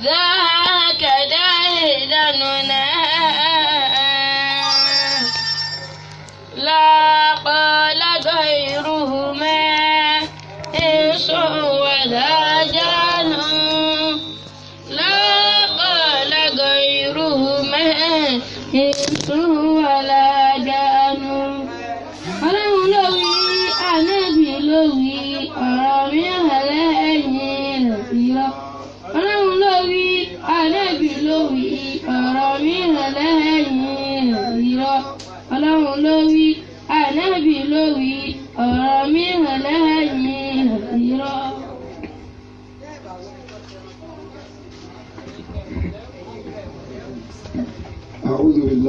ذاك داهلا ننادي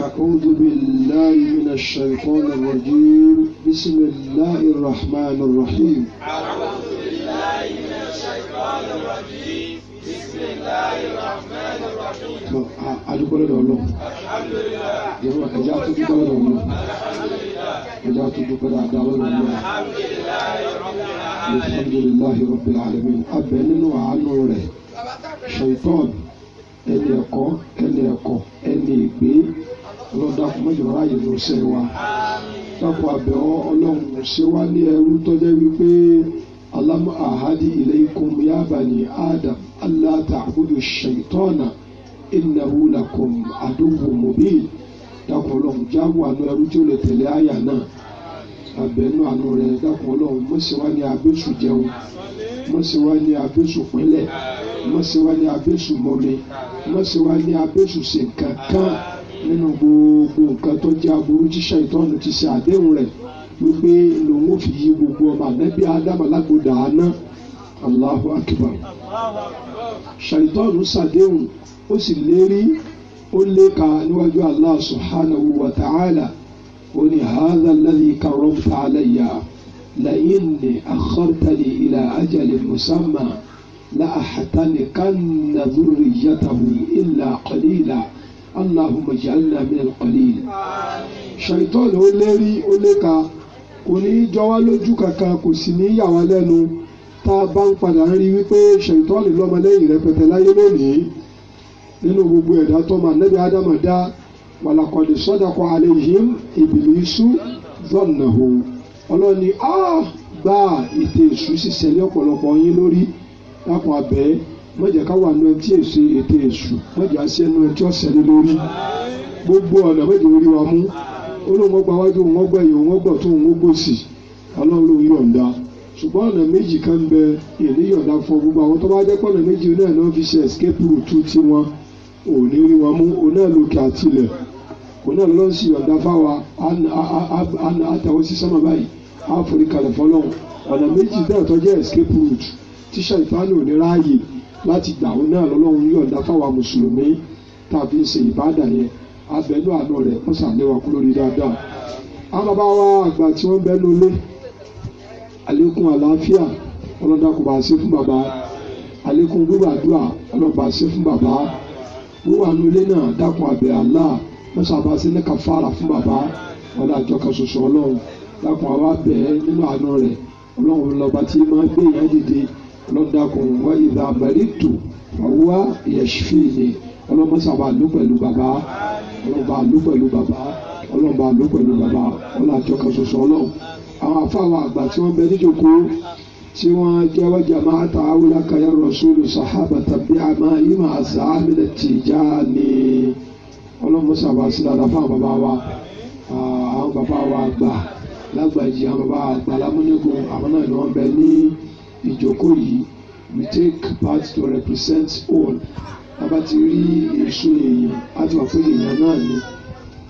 أعوذ بالله من الشيطان الرجيم بسم الله الرحمن الرحيم أعوذ بالله من الشيطان الرجيم بسم الله الرحمن الرحيم أدوك لدى الله الحمد لله أجاء تدوك لدى الله الحمد لله أجاء رب العالمين الحمد لله رب العالمين ẹni ẹkọ ẹni ẹ̀kọ́ ẹni ìgbé ọlọ́dàkùn mọ́jọ ráàyè ló ṣe wa dákun àbẹ̀ ọlọ́run ṣe wá ní ẹrú wípé ahadi ya bani adam alla ta'budu shaytana innahu lakum aduwwun mubin dákun ọlọ́run jáwọ́ àná ẹrú tí ó abẹ́nú àánú rẹ̀ dákun ọlọ́run mọ̀sí wá ní abẹ́sù jẹun mọ̀sí wá ní abẹ́sù pínlẹ̀ mọ̀sí wá ní abẹ́sù mọ́mi mọ̀sí wá ní abẹ́sù ṣe kan nínú gbogbo nǹkan tó jẹ́ aburú tíṣà ìtọ́nù ti ṣe àdéhùn rẹ̀ wípé lòun ò fi yí gbogbo ọmọ ànábì ádámà lágbódà àná Allahu akbar ṣàìtọ́nù ṣàdéhùn ó sì lérí ó léka níwájú Allah subhanahu wa ta'ala ó ní hadha alladhi karramta alayya la'inni akhartani ila ajalin musamma لأحتنقن ذريته إلا قليلا اللهم اجعلنا من القليل ṣàìtọ́nù ó lérí ó léka kò ní í jọ wá lójú kankan kò sì ní í yà wá lẹ́nu tá a bá ń padà rí wípé ṣàìtọ́nù lọ́mọlẹ́yìn rẹpẹtẹ láyé lónìí nínú gbogbo ẹ̀dá tọ́mọ anábì ádámà dá wàlàkọ̀dé sọ́dọ̀kọ̀ alẹ́ yìí ìbìlísù zọ́nàhó ọlọ́ni á gba ètè èṣù ṣiṣẹ́ ní ọ̀pọ̀lọpọ̀ yín lórí lápò abẹ́ mọ̀jẹ̀ ká wà nù ẹtí èṣù ètè èṣù mọ̀jẹ̀ àṣẹ nù ẹtí ọ̀sẹ̀ ní lórí gbogbo ọ̀nà mọ̀jẹ̀ orí wa mú olóhùn ọgbà wájú òun ọgbà ẹ̀yìn òun ọgbà tó òun ọgbà òsì ọlọ́run yọ̀ǹda ṣùgbọ́n ọ̀nà méjì kan bẹ èlé yọ̀ǹda fún gbogbo àwọn tó bá jẹ́ pọ̀nà méjì náà ni wọ́n fi ṣe escape route tiwọn òní rí wọn mú òun náà lókè àtilẹ̀ òun náà lọ́n sì yọ̀ǹda fáwa àtàwọn sí sọ́mọ báyìí àforí kalẹ̀ fọlọ́hún ọ̀nà méjì náà tó jẹ́ escape route tíṣà ìbánu òní ráàyè láti gbà òun náà lọ́lọ́run yọ̀ǹda fáwa mùsùlùmí tá a fi ń ṣe ìbáàdà yẹn abẹ́nú àná rẹ̀ ó sàléwà kú lórí dáadáa àwọn bàbá wa àgbà tí wọ́n bẹ́nu lé àlékún àlàáfíà ọlọ́dà kò bá ṣe fún bàbá àlékún gbígbàdúrà ọlọ́pàá ṣe fún bàbá wíwà nu ilé náà dákun àbẹ̀ Allah mọ́sàbá sí ní kàfàrà fún bàbá ọ̀dà àjọ kan ṣoṣo ọlọ́run dákun àwa bẹ̀ ẹ́ nínú àánú rẹ̀ ọlọ́run lọ́ba tí máa gbé yẹn dìde lọ́dàkùn wá ìdá àmàlítù ọ̀wá ìyẹ̀sífìyè ọlọ́mọ́sàbá ló pẹ̀lú bàbá ọlọ́ba ló pẹ̀lú bàbá ọlọ́ba ló pẹ̀lú bàbá ọlọ́àjọ kan ṣoṣo ọlọ́run àwọn afáwọn àgbà tí wọ́n bẹ níjókòó tí wọ́n jẹ́wọ́ jamaata awula kaya rasulu sahaba tàbí àmà yìí àzàmìlẹ̀ Tijani ọlọ́mọsà wà sí dada fún àwọn bàbá wa àwọn bàbá wa gbà lágbàjì àwọn bàbá àgbà lámúnigun àwọn náà ni wọ́n bẹ ní ìjókòó yìí we take part to represent all bàbá ti rí èso èèyàn àti wà fún èèyàn náà ni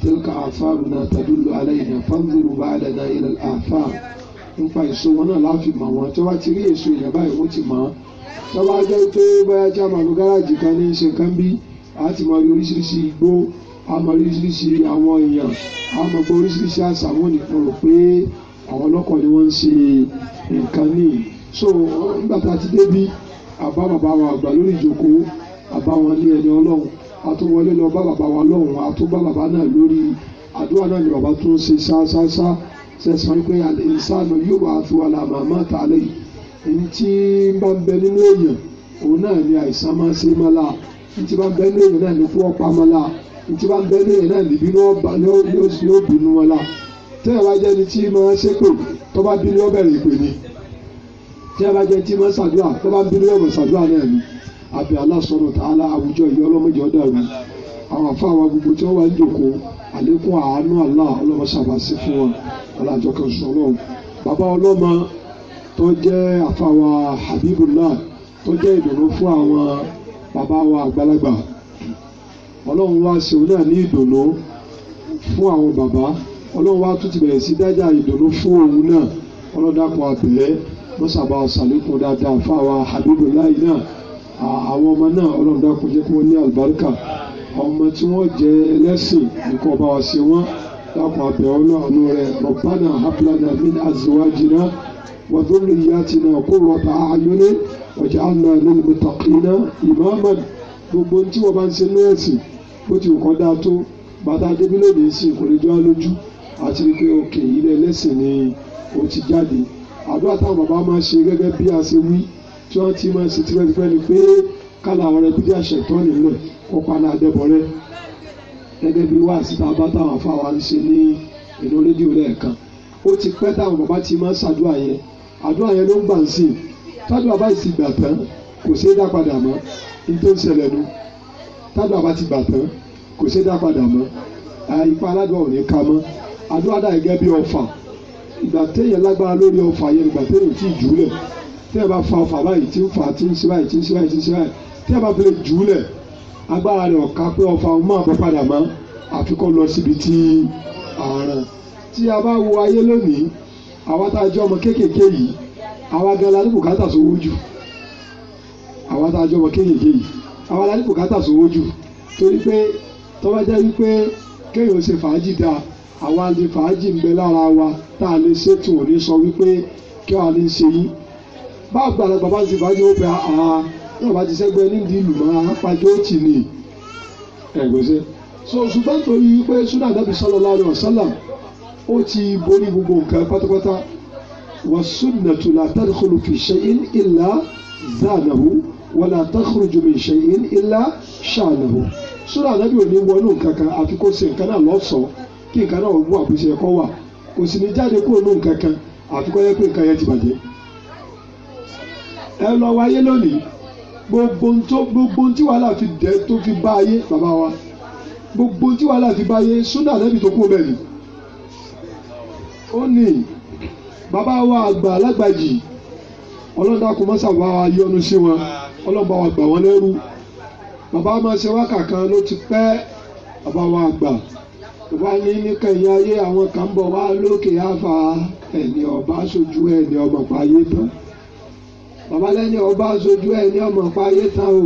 tilka àfáàrù náà tàdúlù aláìní àfáàrù bá àdàdà ilẹ̀ àfáàrù nípa èso wọn náà láfi mọ̀ wọn tó bá ti rí èso èèyàn báyìí wọ́n ti mọ̀ ọ́n tó bá jẹ́ pé bóyá tí a máa lo gáràjì kan ní ṣe kan bí a ti mọ̀ rí oríṣiríṣi igbó a mọ̀ rí oríṣiríṣi àwọn èèyàn a mọ̀ pé oríṣiríṣi àṣà wọn nìkan rò pé àwọn ọlọ́kọ̀ ni wọ́n ń ṣe nǹkan níyì so nígbà tá a ti débi àbá bàbá wa àgbà lórí ìjókòó àbá wọn ní ẹni ọlọ́run àtúwọlé lọ bá bàbá wa lọ́hùn àtúbá bàbá náà lórí àdúrà náà ni bàbá tún ṣe ṣáṣáṣá sẹ́sì wípé ìsàlù yóò wá tó wà láàmà má ta lẹ́yìn èyí bá ń bẹ nínú èèyàn òun náà ni àìsàn máa ń ṣe má la èyí tí bá ń bẹ nínú èèyàn náà ni fún ọ̀pá má la èyí tí bá ń bẹ nínú èèyàn náà níbi yóò bínú wọn la tẹ́lẹ̀ bá jẹ́ ni tí máa ń ṣépè tó bá bínú ó bẹ̀rẹ̀ ìpè ni tẹ́lẹ̀ bá jẹ́ tí máa ń ṣàdúrà tó bínú ó ṣàdúrà náà ni àbí Allah àwọn afáwa gbogbo tí wọ́n wá ń jòkó àlékún àánú àlá ọlọ́mọ ṣàbàṣì fún wọn ọlọ́jọ kan sọ ọlọ́run bàbá ọlọ́mọ tó jẹ́ afáwa Habibullah tó jẹ́ ìdùnnú fún àwọn bàbá wa àgbàlagbà ọlọ́run wá ṣeun náà ní ìdùnnú fún àwọn bàbá ọlọ́run wá tún ti bẹ̀rẹ̀ sí dájà ìdùnnú fún òun náà ọlọ́dàpọ̀ àbẹ̀lẹ́ mọ́sàbà ọ̀sàlẹ́kùn dáadáa fáwa Habibullah náà àwọn ọmọ náà ọlọ́run dákun jẹ́ kí wọ́n ní àlùbáríkà ọmọ tí wọ́n jẹ ẹlẹ́sìn nìkan bá wa ṣe wọ́n lápò àbẹ̀ ọ̀nà àánú rẹ̀ rọ̀bánà hablana min azwajina wa dhurriyyatina qurrata a'yun waj'alna lil muttaqina imaman gbogbo tí wọ́n bá ń ṣe nẹ́ẹ̀sì bó ti kọ́ dáa tó bàtà débílòdì sí kò lójú àti wípé òkè ilé ẹlẹ́sìn ni ó ti jáde àdúrà táwọn bàbá máa ṣe gẹ́gẹ́ bí a ṣe wí tí wọ́n ti máa ṣe tipẹ́tipẹ́ ni pé kálá ọ̀rẹ́ bíjà ṣẹ̀tọ́ nílẹ̀ Ọ̀pánà Adébọ̀rẹ́ gẹ́gẹ́ bí wáàsí tá a bá táwọn afáwa ń ṣe ní ìlú rédíò lẹ́ẹ̀kan ó ti pẹ́ táwọn bàbá ti máa ń ṣàdúrà yẹn àdúrà yẹn ló ń gbà ń sìn tádùá bá ti gbà tán kò ṣeé dá padà mọ́ ní tó ń ṣẹlẹ̀ nu tádùá bá ti gbà tán kò ṣeé dá padà mọ́ ipa aládùá ò ní ka mọ́ àdúrà dà gẹ́gẹ́ bí ọfà ìgbà téèyàn lágbára lórí ọfà yẹn ìgbà téèyàn tí ì jùúlẹ̀ téèyàn bá fa ọfà báyìí tí ń fa tí ń ṣe báyìí tí ń ṣe báyìí tí ń ṣe báyìí téèyàn bá fi lè jùúlẹ̀ agbára rẹ̀ ọ̀ka pé ọfà òun máa bọ́ padà mọ́ lọ síbi tí tí a bá wo ayé lónìí àwa tá a jẹ́ ọmọ kéékèèké yìí àwa gan bùkátà sówó jù àwa tá a jẹ́ ọmọ la bùkátà sówó jù torí pé tọ́wọ́ jẹ́ wípé kéèyàn fàájì dáa àwa lè fàájì ń lára wa tá yóò bá ti sẹ́gbẹ́ nídìí ìlú máa apájọ́ tì ní ẹ̀gbẹ́sẹ̀ so ṣùgbọ́n torí pé súnà dábì sallallahu alaihi wasallam ó ti borí gbogbo nǹkan pátápátá wa sunnatu la tadkhulu fi shay'in illa zanahu wa la takhruju min shay'in illa shanahu súnà ò ní wọnú nǹkan kan àfi kó ṣe nǹkan náà lọ́sọ̀ọ́ kí nǹkan náà wọ́n àbí ṣe ẹ̀kọ́ wà kò sì ní jáde kúrò ní nǹkan kan àfi yẹ pé nǹkan yẹn ti bàjẹ́ ẹ lọ wáyé lónìí gbogbo tó gbogbo tí wàhálà fi dẹ tó fi bá ayé bàbá wa gbogbo tí wàhálà fi bá ayé súnà lẹ́bi tó kú bẹ́ẹ̀ ni ó ní bàbá wa àgbà alágbàjì ọlọ́dà kò mọ́sà bá wa yọ́nú sí wọn ọlọ́ba wa gbà wọ́n lẹ́rú bàbá máa ṣe wákà kan ló ti pẹ́ bàbá wa àgbà bàbá ní níkẹyìn ayé àwọn kan bọ̀ wá lókè àfà ẹni ọba aṣojú ẹni ọmọ pa ayé tán bàbá lẹ́ni ọba sojú ẹ̀ ní ọmọ páyé tán o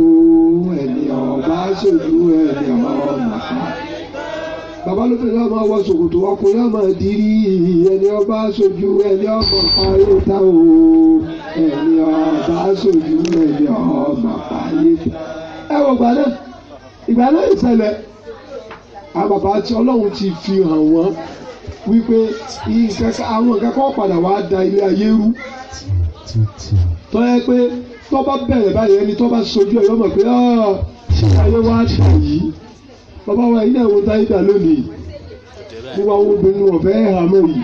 ẹ̀ni ọba sojú ẹ̀ ní ọmọ ọ̀nà bàbá lóbìnrin ọmọ wọ ṣòkòtò ọkùnrin ọmọ ìdírí ẹni ọba sojú ẹni ọmọ páyé tán o ẹni ọba sojú ẹni ọmọ páyé tán. ẹ wọ gbà náà ìgbà náà tí Ọlọ́run ti fi hàn wọ́n wípé àwọn nǹkan kan padà wá da ilé ayé rú tó yẹ pé tó bá bẹ̀rẹ̀ báyìí ẹni tó bá sojú ẹ̀ yọmọ̀ pé ah, ṣé ayé wá ṣà yìí bàbá wa yìí náà wo táyé dà lónìí gbogbo àwọn obìnrin wọn fẹ́ hà mọ́ yìí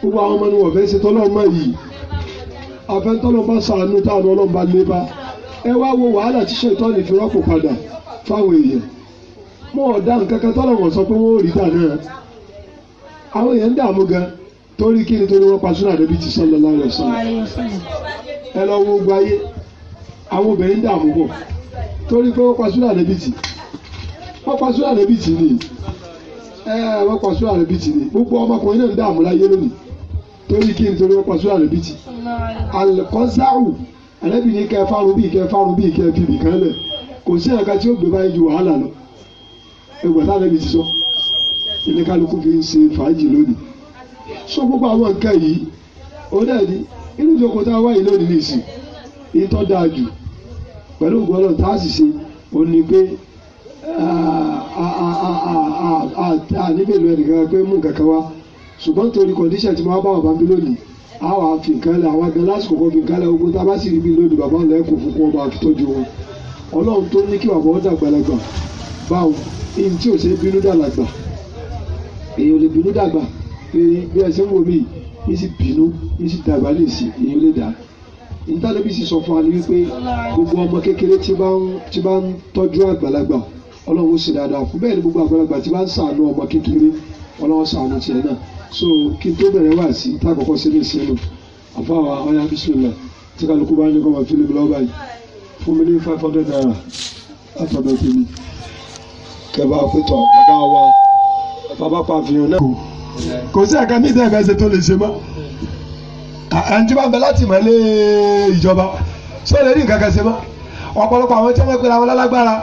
gbogbo àwọn ọmọ ni wọn fẹ́ ṣe tọ́lọ́mọ yìí àfẹ́tọ́lọ́mọ sànú táwọn ọlọ́mọba lé bá ẹ wá wo wàhálà tí ṣètọ́ni fi rọ́pò padà fáwọn èèyàn mọ́ ọ̀dà nǹkan kan tọ́lọ̀ wọ́n sọ pé wọ́n ò rí dà náà àwọn èèyàn ń dààmú gan-an torí kí ni torí wọ́n pa súnà débi ti sallallahu alaihi wasallam ẹ lọ wo gbogbo ayé àwọn obìnrin dààmú bọ̀ torí pé wọ́n pa súnà débi ti wọ́n pa súnà débi ti ni ẹ wọ́n pa súnà débi ti ni gbogbo ọmọkùnrin náà ń dààmú láyé lónìí torí kí ni torí wọ́n pa súnà débi ti alikọ́sáwù àlẹ́bí ni kẹ́ fárun bíi kẹ́ fárun bíi kẹ́ bíbí kan lẹ̀ kò sí ẹ̀ka tí ó gbé báyìí ju wàhálà lọ ẹgbẹ̀ta àlẹ́bí ti sọ ìníkàlùkù fi ń ṣe fàájì lónìí so gbogbo àwọn nǹkan yìí òun náà ni inú ìjókòó tá a wáyé lónìí nìsín èyí tó dáa jù pẹ̀lú ògùn ọlọ́run tá a sì ṣe òun ni pé a níbẹ̀ lu ẹnìkan pé mú nǹkan kan wá ṣùgbọ́n torí condition tí wọ́n bá wà bá mi lónìí a wà fi nǹkan lẹ̀ àwọn gan lásìkò kan fi nǹkan lẹ̀ ogun tá a bá sì rí bí lónìí bàbá ọ̀la ẹ̀kọ́ fún wọn bá a fi tọ́jú wọn ọlọ́run tó ní kí bàbá ọ̀dà gbalagbà báwo ihun tí ò ṣe bínú dàgbà èèyàn lè bínú dàgbà bí ẹ ṣe ń wò mí yìí sì bínú yìí sì dàgbà lè sí èyí lè dà nítàlẹ́bí sì sọ fún wa ní wípé gbogbo ọmọ kékeré tí bá ń tọ́jú àgbàlagbà ọlọ́run sì dáadáa fún bẹ́ẹ̀ ni gbogbo àgbàlagbà tí bá ń sàánú ọmọ kékeré ọlọ́run sàánú tiẹ̀ náà so kí n tó bẹ̀rẹ̀ wá sí tá àkọ́kọ́ sí ní ìsinmi àfáwà ọ̀yà bísímìlà tí kálukú bá ní kọ́ máa fi lè lọ́ọ́ báyìí fún mi ní five hundred naira látọ̀dọ̀ tèmi kẹfà pẹ̀tọ̀ bàbá wa bàbá pàfihàn náà kò sí ẹ̀ka mi tẹ́ ẹ fẹ́ ṣe tó lè ṣe mọ́ àǹtí bá ń bẹ láti mọ̀ lé ìjọba sọ lè rí nǹkan kan ṣe mọ́ ọ̀pọ̀lọpọ̀ àwọn tí wọ́n pe àwọn lálágbára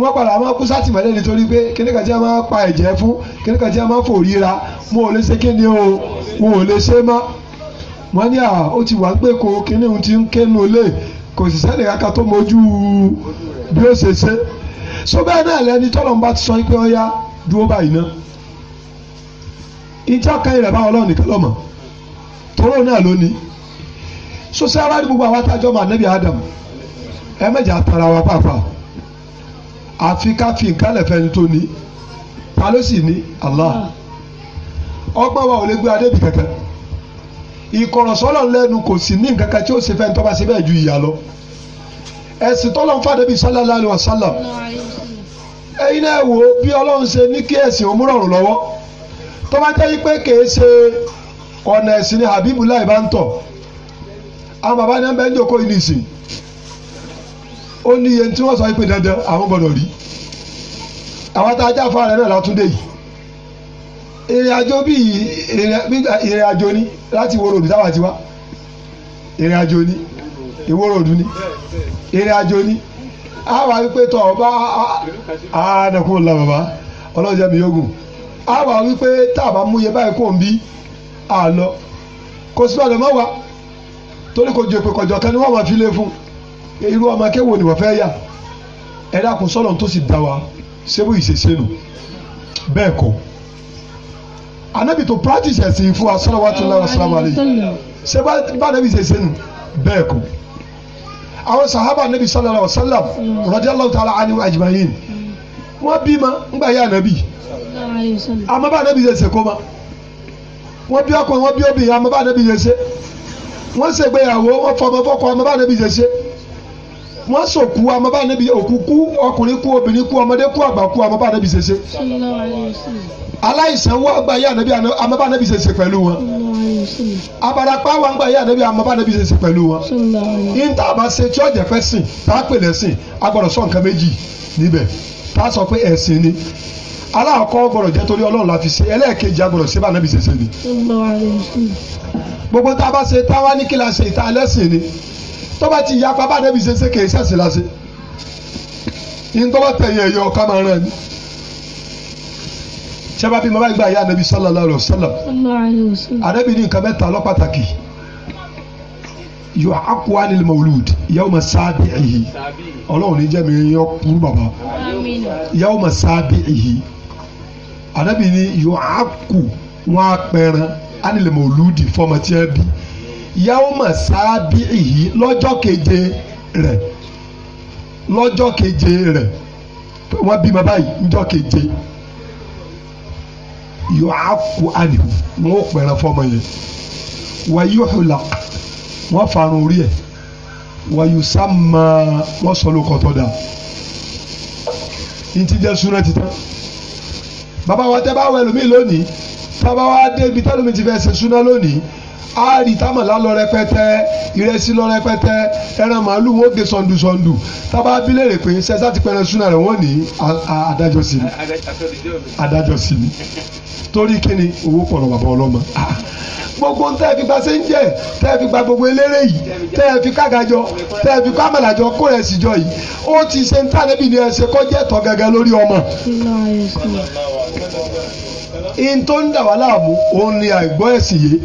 wọ́n padà máa kú sátìmọ́lé nítorí pé kíní kan tí wọ́n máa pa ẹ̀jẹ̀ fún kíní kan tí wọ́n máa fòríra wọn ò lè ṣe kíni o wọn ò lè ṣe mọ́ wọ́n ní à ó ti wà ń pè kó kíní ohun ti ń kénu lé kò sì sẹ́ni kankan tó mojú bí ó ṣe ṣe so bẹ́ẹ̀ náà lẹni tọ́lọ́mùbá ti sọ pé ó yá dúró báyìí náà ìjọ kan ìrẹ̀ bá ọlọ́run nìkan lọ́mọ tóró náà ló ní sọsẹ ara ní gbogbo àwọn atájọ́ máa nẹ́bí Adam ẹ mẹ́jẹ àtàrà wa pàápàá àfi ká fi nǹkan lẹ̀fẹ́ ní tó ta ló sì ní Allah ọgbọ́n wa ò lè gbé adébì kankan ìkọ̀rọ̀sọ́lọ̀ lẹ́nu kò sí ní nǹkan kan tí ó ṣe fẹ́ ní tọ́ba ṣe bẹ́ẹ̀ ju ìyá lọ ẹ̀sìn tọ́lọ́ ń fàdébí sallallahu alaihi wasallam ẹ̀yin náà wò ó bí ọlọ́run ṣe ní kí ẹ̀sìn òmùrọ̀rùn lọ́wọ́ tó bá jẹ́ pé kèé ṣe ọ̀nà ẹ̀sìn ni Habibu láì bá ń tọ̀ àwọn bàbá ní ẹgbẹ́ ń jòkó yìí nìsín ó ní iye tí wọ́n sọ pé dandan àwọn gbọ́dọ̀ rí àwọn tá a já fún ààrẹ náà ìrìn àjò bíi ìrìn àjò ni láti ìwòrò òdù táwa ti wá ìrìn àjò ni ìwòrò òdù ni ìrìn àjò ni àwa wípé tọ̀ ọba àánàkùn ńlá bàbá ọlọ́jà mi yóò gùn á wà wípé tá a bá mú iye báyìí kò ń bí à lọ kò sí bàdàn mọ́wàá torí kò jẹ́ pé kọjọ kan ni wọ́n máa fi lé fún irú ọmọ akẹ́wò ni wọ́n fẹ́ yà ẹ dákun sọ́nà tó sì dá wa sébù ìṣèṣẹ́nu bẹ́ẹ̀ kọ́ anabi tó practice ẹ̀sìn fún wa sọ́nà wa tó lọ́wọ́ sọ́nà wa lè ṣé bá anabi ìṣèṣẹ́nu bẹ́ẹ̀ kọ́ àwọn sahaba anabi sallallahu alaihi wasallam radiyallahu ta'ala anhu ajma'in wọ́n bímọ ńgbà yà anabi àmọ́ bá anábì yẹn ṣe kó ma wọ́n bí ọkọ wọ́n bí obìnrin àmọ́ bá anábì yẹn ṣe wọ́n fọmọ fọkọ àmọ́ bá anábì yẹn ṣe wọ́n sòkú òkú kú ọkùnrin kú obìnrin kú ọmọdé kú àgbà kú àmọ́ bá anábì aláìsàn wọ àgbáyé ànábì àmọ́ bá anábì yẹn ṣe wọn abarapa wa ń gbàyà ànábì àmọ́ bá anábì yẹn ṣe wọn yín tá a bá ṣe tí fẹ́ sìn tá a pè lẹ́sìn a gbọ́dọ̀ nǹkan méjì níbẹ̀ tá a sọ pé ẹ̀sìn ni aláàkọ́ gbọ́dọ̀ jẹ́ torí ọlọ́run la fi ṣe ẹlẹ́ẹ̀kejì agbọ́dọ̀ ṣe bá nàbì ṣe ṣe ni. gbogbo tá a bá ṣe táwa ní kí la ṣe ìta ẹlẹ́sìn ni tó bá ti yapa bá nàbì ṣe ṣe kì í ṣẹ̀sìn la ṣe. yín tó bá tẹ̀yìn ẹ̀yọ ọ̀ká máa ràn ní. ṣé bá fi máa bá gba ìyá nàbì sallallahu alaihi wasallam. àdàbí ní nǹkan mẹ́ta lọ pàtàkì yóò akwa ni mawulud yàwó ma sábì ẹ̀yìn ọlọ́run ní jẹ́ mi yọ kúrú bàbá yàwó ma sábì ẹ̀yìn anabi ni yóò á kù wọn á pẹran ánilẹ̀mọ̀ olùdí fọmọ tí wọn bí yàwó mọ̀ sáábì ìhí lọ́jọ́ keje rẹ̀ lọ́jọ́ keje rẹ̀ wọ́n bímọ báyìí níjọ́ keje yóò á kù ánilẹ̀ wọn ó pẹran fọmọ yẹn wàyí òhùlà wọn farun orí ẹ̀ wàyí sàmà wọn sọ lóko tó ntí jẹ́ súná ti bàbá wa tẹ́ bá wọ ẹlòmíì lónìí bàbá wa dé ibi tẹ́lómi ti fẹ́ ṣe súná lónìí àárí támọ̀lá lọ rẹpẹtẹ ìrẹsì lọ rẹpẹtẹ ẹran màálù wọn gbé sọ̀ndù sọ̀ndù tábà bílẹ̀rẹ̀ pé sẹ́sà ti pẹran súnà rẹ̀ wọ́n ní adájọ́ sí ni adájọ́ sí ni torí kíni owó pọ̀lọ̀ bàbá ọlọ́mọ gbogbo tẹ́ ẹ fi gba sẹ́ńjẹ́ tẹ́ ẹ fi gba gbogbo eléré yìí tẹ́ ẹ fi kágajọ tẹ́ ẹ fi kámàlàjọ kó rẹ̀ síjọ yìí ó ti ṣe ń tànẹ́bì ní ẹsẹ̀ kọ́jẹ́ tọ́ gẹ́gẹ́ lórí ọmọ in tó ń dà òun ni àìgbọ́ ẹ̀sìn yìí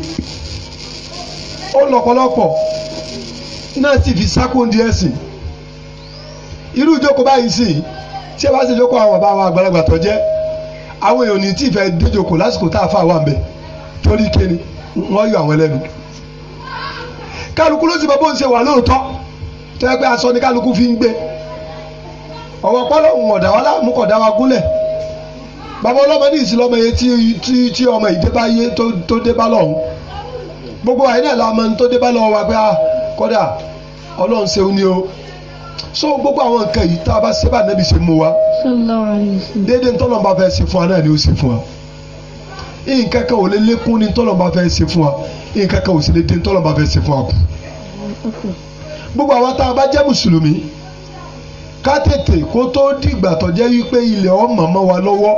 ó lọ́pọ̀lọpọ̀ náà sì fi sákòndì ẹ̀sìn irú ìjókòó báyìí sì tí ẹ bá sì jókòó àwọn bàbá àgbàlagbà tó jẹ́ àwọn èèyàn ní tí ì fẹ́ lásìkò tá a fà wà mbẹ torí kéde wọ́n yọ àwọn ẹlẹ́nu kálukú ló sì bọ́ bó ń ṣe wà lóòótọ́ tó yẹ pé aṣọ ni kálukú fi ń gbé ọ̀wọ́ pọ́lọ́ ń láàmú bàbá tí ọmọ gbogbo ayi náà la mọ dé bá lọ́wọ́ wa ah, so gbogbo àwọn nǹkan yìí tá a bá ṣe bá ṣe mú wa déédéé ntọ́lọ́n fẹ́ ṣe fún wa náà ni ó ṣe fún wa nǹkan kan ò lè lékún ní fẹ́ ṣe fún wa nǹkan kan ò sì lè dé fẹ́ ṣe fún wa kù gbogbo àwọn tá a bá jẹ́ wa lọ́wọ́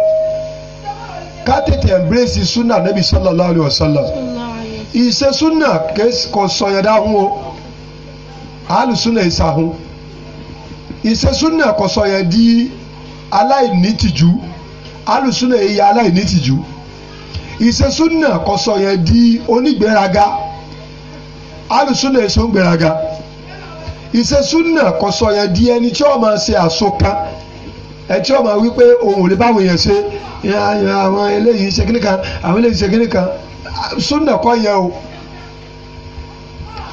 ìṣe súnà kò sọyàn dáhùn o àálù súnà ìṣàhùn ìṣe súnà kò sọyàn di aláìnítìjú àálù súnà ìyá aláìnítìjú ìṣe súnà kò sọyàn di onígbéraga àálù súnà ìṣe onígbéraga ìṣe súnà kò sọyàn di ẹni tí ó máa ṣe àsokan ẹtí ọmọ wípé òun ò lè báwọn èèyàn ṣe àwọn eléyìí ṣe kíní kan àwọn eléyìí ṣe kíní kan sunna kọ́ yẹn o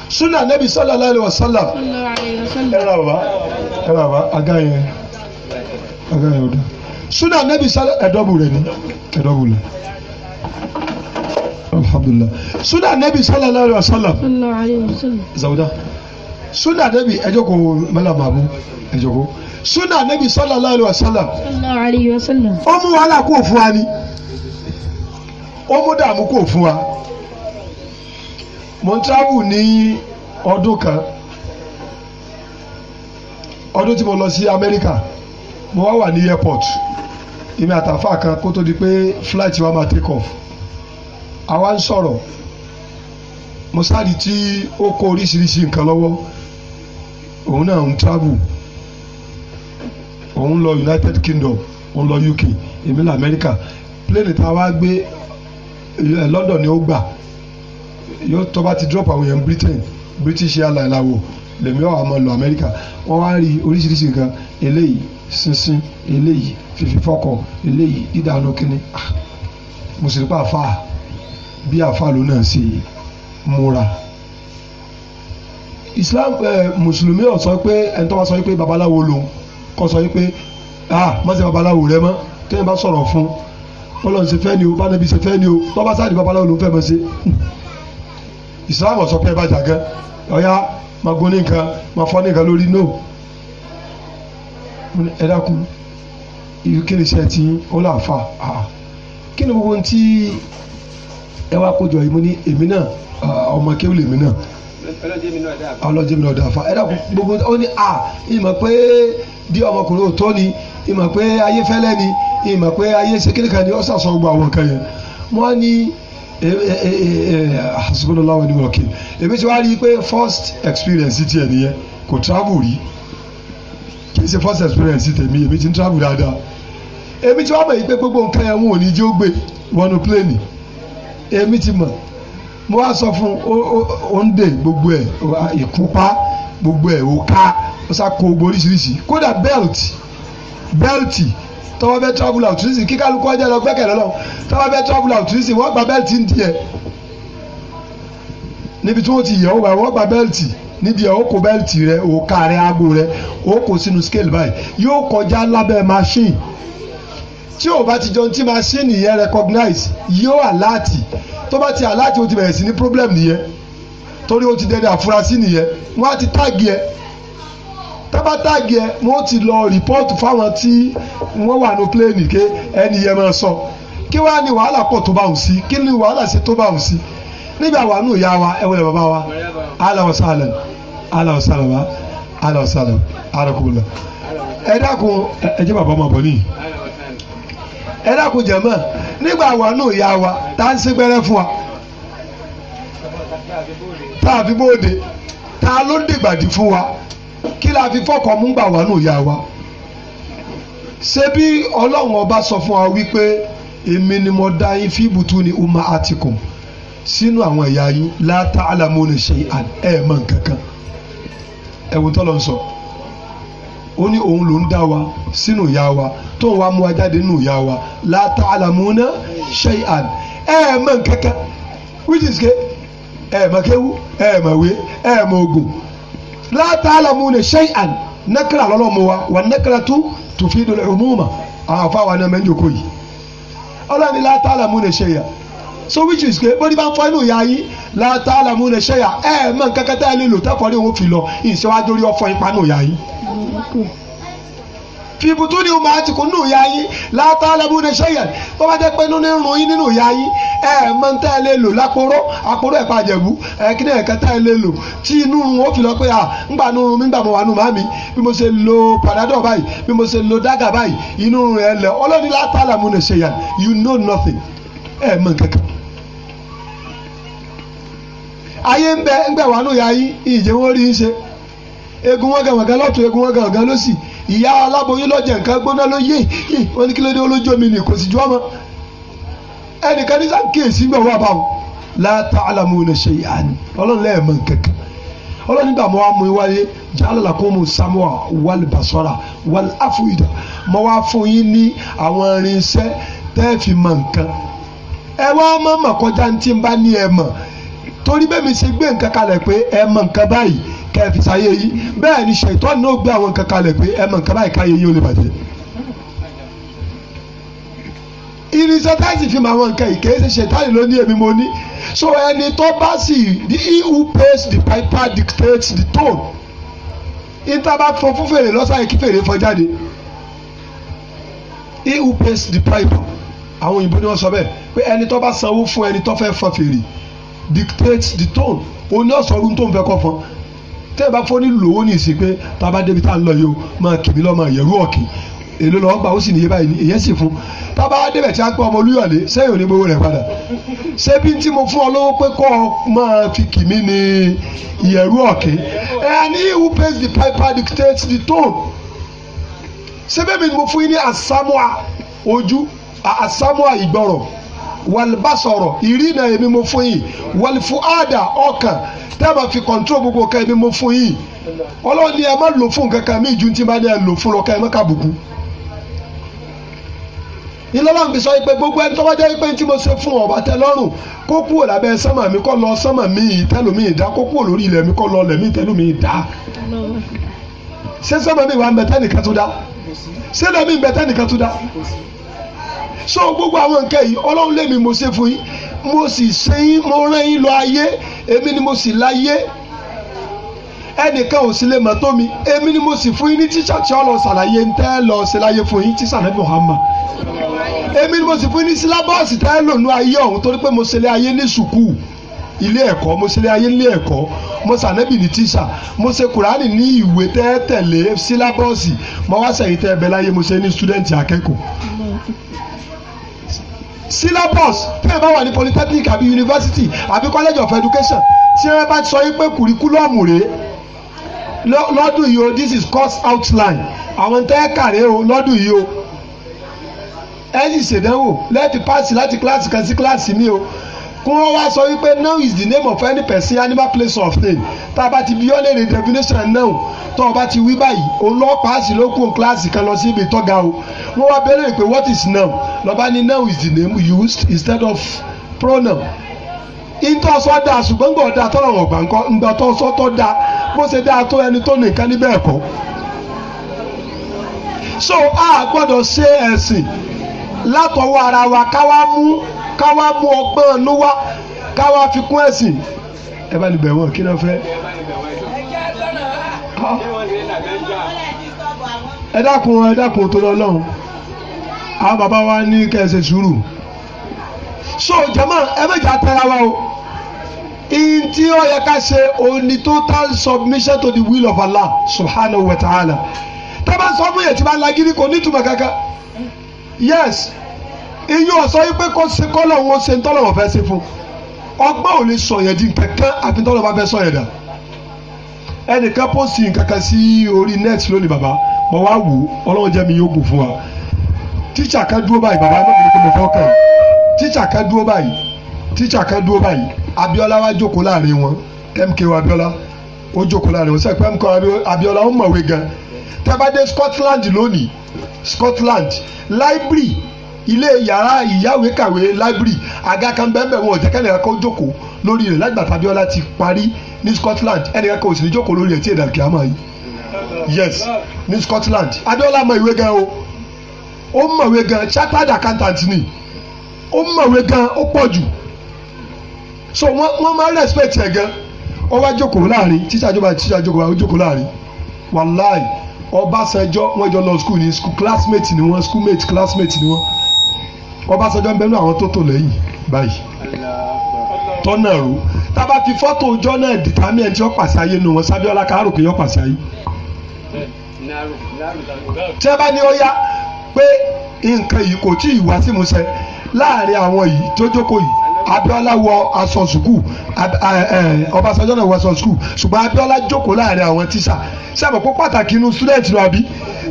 sunna nabi sallallahu alayhi wa sallam ẹ ra baba ẹ ra baba aga yẹn o da sunna nabi sallallahu ẹdọbu rẹ ni ẹdọbu rẹ alhamdulilah sunna nabi sallallahu alayhi wa sallam zawuda sunna nabi ẹjọ ko mẹla maamu ẹjọ ko sunna nabi sallallahu alayhi wa sallam ọmọ wàhálà kò fún wa ni ó mú dààmú kò fún wa mo ń travel ní ọdún kan ọdún tí mo lọ sí Amẹ́ríkà mo wá wà ní airport èmi àtàfà kan kó tó di pé flight wa máa take off àwa ń sọ̀rọ̀ mo sáré tí ó kó oríṣiríṣi nǹkan lọ́wọ́ òun náà ń travel òun lọ United Kingdom òun lọ UK èmi lọ Amẹ́ríkà pléènì tá wá gbé London ni ó gbà yóò tó bá ti drop àwọn èèyàn Britain British airline làwò lèmi ọ̀ àmọ́ lọ Amẹ́ríkà wọ́n wá rí oríṣiríṣi nǹkan eléyìí sínsín eléyìí fífífọ́kọ̀ eléyìí dídánú kínní ah, mùsùlùmí àfa bí àfa ló náà ṣe múra Islam mùsùlùmí ọ̀ sọ pé ẹni tó bá sọ pé babaláwo lòun kọ́ sọ pé ah má ṣe babaláwo rẹ mọ́ tẹ́yìn bá sọ̀rọ̀ fún un bọ́lọ̀ ṣe fẹ́ ni o bánẹ́bí ṣe fẹ́ ni o bàbá sáà di babaláwo ló ń fẹ́ mọ́ ṣe. ìsìlámù sọ pé ẹ bá jà gan ọ̀yá máa gun ní nǹkan máa fọ́ ní nǹkan lórí no ẹ dákun ìlú kéde iṣẹ́ tí ó là fà á kí ni gbogbo tí ẹ wá kójọ yìí mo ní èmi náà ọmọ kéwù lèmi náà ọlọ́jẹ́ mi náà dáa fa ẹ dákun gbogbo ó ní à ìmọ̀ pé. di ọmọkùnrin òótọ́ ni ìmọ̀ pé ayé fẹ́lẹ́ ni ìmọ̀ pé ayé sekirika ni ọ̀sà ụgbọ gbogbo àwọn nǹkan yẹn wọ́n ní ni wọ́n kì í èmi ti wá rí i pé first experience tiẹ̀ nìyẹn kò travel rí kì í ṣe first experience tèmi èmi ti ń travel dáadáa èmi ti pé gbogbo nǹkan yẹn wọn ò ní gbé wọnú èmi ti mọ̀ mo gbogbo ẹ̀ ìkúpa gbogbo ẹ̀ òka wọ́n sá kó gbogbo oríṣiríṣi kódà belt belt tọ́wọ́ bẹ́ẹ̀ travel out nísìnyí kíkálukú ọjọ́ lọ gbẹ́kẹ̀lé lọ tọ́wọ́ bẹ́ẹ̀ travel out nísìnyí wọ́n gba belt ń diẹ níbi tí wọ́n ti yẹ̀ wọ́n gba belt níbi ẹ̀ o kó bẹ́ẹ̀tì rẹ òkà rẹ aago rẹ o kó sínú scale báyìí yóò kọjá lábẹ́ machine tí o bá ti jọ ti machine yẹn recognize yóò aláàtì tó bá ti aláàtì o ti bẹ̀rẹ̀ sí ní problem nìyẹn torí o ti dẹni àfúrásì nìyẹn wọ́n á ti táàgì ẹ̀ tábà táàgì ẹ̀ wọ́n ti lọ rìpọ́ọ̀tù fáwọn tí wọ́n wà ní pléènì ké ẹni yẹn máa sọ kí wàá ní wàhálà pọ̀ tó bá òun sí kí ni wàhálà sí tó bá òun sí nígbà wà nù ya wa ẹ wọlé bàbá wa aláwọ̀ sálẹ̀ aláwọ̀ sálẹ̀ wa aláwọ̀ sálẹ̀ arákùnrin ẹ dákun ẹ jẹ́ bàbá ọmọ bọ̀ nìyí ẹ dákun jẹ̀mọ́ nígbà wà nù ya wa tá à ń ṣe gbẹ́rẹ́ fún wa tàbí bóde ta ló ń dègbàdì fún wa kí la fi fọkàn mú gbà wá nù ya wa ṣé bí ọlọ́run ọba sọ fún wa wípé èmi ni mo dá yín fíbùtú ni uma atikum sínú àwọn ẹ̀yà yín láta alamóni ṣe ẹ̀ mọ̀ nkankan ẹ̀wù tọ́lọ̀ ń sọ ó ní òun ló ń dá wa sínú ìyá wa tó ń wá mú wa jáde nínú ìyá wa láta alamóni ṣe ẹ̀ mọ̀ nkankan which is ke ẹ mọ̀ kéwú ẹ mọ̀ wé ẹ mọ̀ oògùn látàlámù ní ṣẹ́yàn nàkàrà lọ́lọ́mọ wa wà nàkàrà tó tùfí dòlè òmùmà àwọn afọ àwọn ẹni ẹjọ kò yìí ọlọ́ni látàlámù ní ṣẹ́yàn so which is pé bóni bá ń fọ inú ìyá yín látàlámù ní ṣẹ́yàn ẹ mọ̀ nǹkan kẹta ẹ lè lò tẹ́kọ̀ọ́ ní òun fi lọ ìṣèwádìí orí ọ̀fọ̀ ìpanú ìyá yín fìbùtú ni o máa ti kún nínú ìyá yín látàlámù ní ṣẹ́yàn tó bá jẹ́ pé nínú ń run yín nínú ìyá yín ẹ ẹ mọ tá ẹ lè lò lápòrò àpòrò ẹ̀pà àjẹ̀bú ẹ kí ni ẹ̀kẹ́ tá ẹ lè lò tí inú o fi lọ pé a ńgbà nu run wà nù màmí bí mo ṣe lo panadol báyìí bí mo ṣe lo daga báyìí inú ẹ lẹ ọlọ́ni látàlà mo ṣe yà you know nothing ẹ mọ kankan. ayé ń bẹ yìí rí ṣe egun wọn egun wọn ìyá aláboyún nǹkan gbóná ló yé ní kí ló dé ẹnìkan ní sàkíyèsí gbà wà báwọn láta alamu ní ṣe àní ọlọ́run lẹ́ẹ̀mọ kankan ọlọ́run nígbà mọ́ wa mú i wáyé jálàlá kó mu samuwa wàlú basọ́ra wàlú àfúyìdá mọ́ wa fún yín ní àwọn irinṣẹ́ tẹ́ẹ̀fì mọ̀ nǹkan ẹ wá mọ̀ mọ̀ kọjá tí ń bá ní ẹ mọ̀ torí bẹ́ẹ̀ mi ṣe gbé nǹkan kalẹ̀ pé ẹ mọ̀ nǹkan báyìí kẹ́ẹ̀fì sáyé yìí bẹ́ẹ̀ ni ṣètọ́ náà gbé àwọn nǹkan kalẹ̀ pé ẹ mọ̀ nǹkan báyìí káyé yìí ó lè bàjẹ́ irinṣẹ́ táyì fi mọ àwọn nǹkan ìké ṣe ṣètáyì ló ní èmi mo ní so ẹni tó bá sì the he who pays the piper dictates the tone níta bá fọ fún fèrè lọ́sàn-án kí fèrè fọ jáde he who pays the piper àwọn òyìnbó ni wọ́n sọ bẹ́ẹ̀ pé ẹni tó bá sanwó fún ẹni tó fẹ́ fọ fèrè dictates the tone òun ni ọ̀sán ọdún tó ń fẹ́ kọ́ fún tẹ́ ẹ bá fọ́ ní lòwó ní ìsìn pé tá a ń lọ yìí o máa kì mí yẹ̀rú ọ̀kì èló lọ́ọ́ gbà ó sì níye báyìí èyẹ sì fún tábà débẹ̀ tí a gbọ́ ọmọ olúyọ̀lé sẹ́yìn òní gbowó rẹ̀ padà ṣé bí tí mo fún ọ lówó pé kọ́ ọ máa fi kì mí ní ìyẹ̀rú ọ̀kẹ́ and he who pays the piper dictates the tone ṣé bẹ́ẹ̀ mi ni mo fún yín ní àsámúà ojú àsámúà ìgbọràn wàlbásọ̀rọ̀ ìrìnà èmi mo fún yìí wàlfùádà ọkàn tẹ́ẹ̀mà fi kọ̀ǹtró gbogbo kan èmi mo fún yìí ọlọ́run ni ẹ má lò fún nǹkan kan mí ju ti má ní ẹ lò fún lọ ká ẹ ìlọ́lọ́run fi sọ pé gbogbo ẹni tó bá jẹ́ pé tí mo ṣe fún ọba tẹ́ lọ́rùn kó kúrò lábẹ́ sánmà mi kó lọ sánmà mi tẹ́lómi ìdá kó kúrò lórí ilẹ̀ mi kó lọ lẹ̀ mi tẹ́lómi ìdá ṣé sánmà mi wà ń bẹ̀tẹ́ nìkan tó dá ṣé lẹ́mí ń bẹ̀tẹ́ nìkan tó dá so gbogbo àwọn nǹkan yìí ọlọ́run lèmi mo ṣe fún yín mo sì ṣe yín mo rán yín lọ ayé èmi ni mo sì láyé ẹnìkan ò sì lè mọ̀ tó èmi ni mo sì fún yín ní tíṣà tí ọ lọ ṣàlàyé ń tẹ́ lọ ṣe láyé fún yín tíṣà náà Muhammad èmi ni mo sì fún yín ní sílábọ̀sì tẹ́ lò nú ayé ọ̀hún torí pé mo ṣe lé ayé ní sùkúù ilé ẹ̀kọ́ mo ṣe lé ayé nílé ẹ̀kọ́ mo ṣànẹ́bì ní tíṣà mo ṣe kùránì ní ìwé tẹ́ tẹ̀lé sílábọ̀sì mo wá sẹ̀yìn tẹ́ ẹbẹ̀ láyé mo ṣe ní stúdẹ̀ntì akẹ́kọ̀ọ́ syllabus tẹ́ ẹ bá wà ní polytechnic àbí university àbí college of education tí wọ́n bá sọ yín pé kùrìkúlọ̀mù rèé lọ́dún yìí o this is course outline àwọn tẹ́ kàrẹ́ o lọ́dún yìí o ẹ̀yìn ṣèdánwò lẹ́ẹ̀tì páàsì láti kíláàsì kan sí kíláàsì mi o kí wọ́n wá sọ wípé now is the name of any person animal place or thing tá a bá ti bí ọ́lẹ́rẹ̀ definition now. tó o bá ti wí báyìí òun lọ́ọ́ páàsì ló kún kíláàsì kan lọ sí ibi tọ́ga o wọ́n wá bẹ̀rẹ̀ pé what is now? lọ́ba ni noun is the name used instead of pronoun ìtọ́ sọ da ṣùgbọ́n gbọ́ da tọ́lọ̀ wọ̀n gbà ńkọ́ tọ́ sọ tọ́ da bó ṣe da tó ẹni tó nìkan níbẹ̀ kọ́. so a gbọ́dọ̀ ṣe ẹ̀sìn látọwọ́ ara wa káwá mú káwá mú ọgbọ́n inú wa káwá fi kún ẹ̀sìn ẹ bá ní bẹ̀wọ̀n kí ló fẹ́. ẹ dákun ẹ dákun tó lọ lọ́hùn àwọn bàbá wa ní kẹ́ sùúrù so jama ẹ méjì àtẹ̀ra wa o ntí ó yẹ ká ṣe òní total submission to the will of Allah subhanahu wa ta'ala tẹ́bá sọ fún yẹn tí bá lagiri kò nítumọ̀ kankan yes iye ọ̀sọ́ yìí pé kó ṣe kọ́lọ̀ wọn ṣe ń tọ́lọ̀ wọn fẹ́ ṣe fún ọgbọ́n ò lè sọ yẹn di kankan àfi tọ́lọ̀ bá fẹ́ sọ yẹn dà ẹnìkan pọ́sì nkankan sí orí net lónìí bàbá mo wá wò ọlọ́run jẹ́ mi yóò gùn fún wa tíṣà kan dúró báyìí bàbá ẹ má bèrè pé mo fọ́ kàn yìí tíṣà kan dúró báyìí tíṣà kan dúró báyìí Abíọ́lá wá jókòó láàrin wọn MKO Abíọ́lá ó jókòó láàrin wọn sẹ́pẹ́ MKO Abiola. ó mọ̀wé gan tẹ́ bá dé Scotland lónìí Scotland library ilé yàrá ìyáwé kàwé library àga kan bẹ́ẹ̀ bẹ́ẹ̀ wọn ò jẹ́ kẹ́nìkan kó jókòó lórí rẹ̀ lágbà tí Abíọ́lá ti parí ní Scotland ẹnìkan kan ò sì ní jókòó lórí ẹ̀ tí èdè àmọ́ yìí yes ní Scotland Abiola mọ ìwé gan o ó mọ̀wé gan chartered accountant ni ó mọ̀wé gan ó pọ̀ jù so wọ́n máa respect ẹ̀ gan ó wá jókòó láàrin tíṣà jọba tíṣà jọba ó jókòó láàrin wàláì Ọbásanjọ́ wọ́n jọ lọ school ni school classmate ni wọ́n schoolmate classmate ni wọ́n Ọbásanjọ́ ń bẹ́ẹ̀ lọ àwọn tó tò lẹ́yìn báyìí tọ́nà rú tába fi fọ́tò ọjọ́ náà dìtámì ẹ̀ tí ó pàṣẹ ayé nu wọn sábíọ́lá kárò kí ó pàṣẹ ayé. tí a bá ní ó yá pé nǹkan yìí kò tí ì wá sí musẹ láàrin àwọn yìí tó jókòó yìí Abíọ́lá wọ aṣọ sùkúù eh, eh, Ọbásanjọ́ náà wọ aṣọ sùkúù ṣùgbọ́n Abíọ́lá jókòó láàrin àwọn tíṣà sábà kó pàtàkì inú student lọ àbí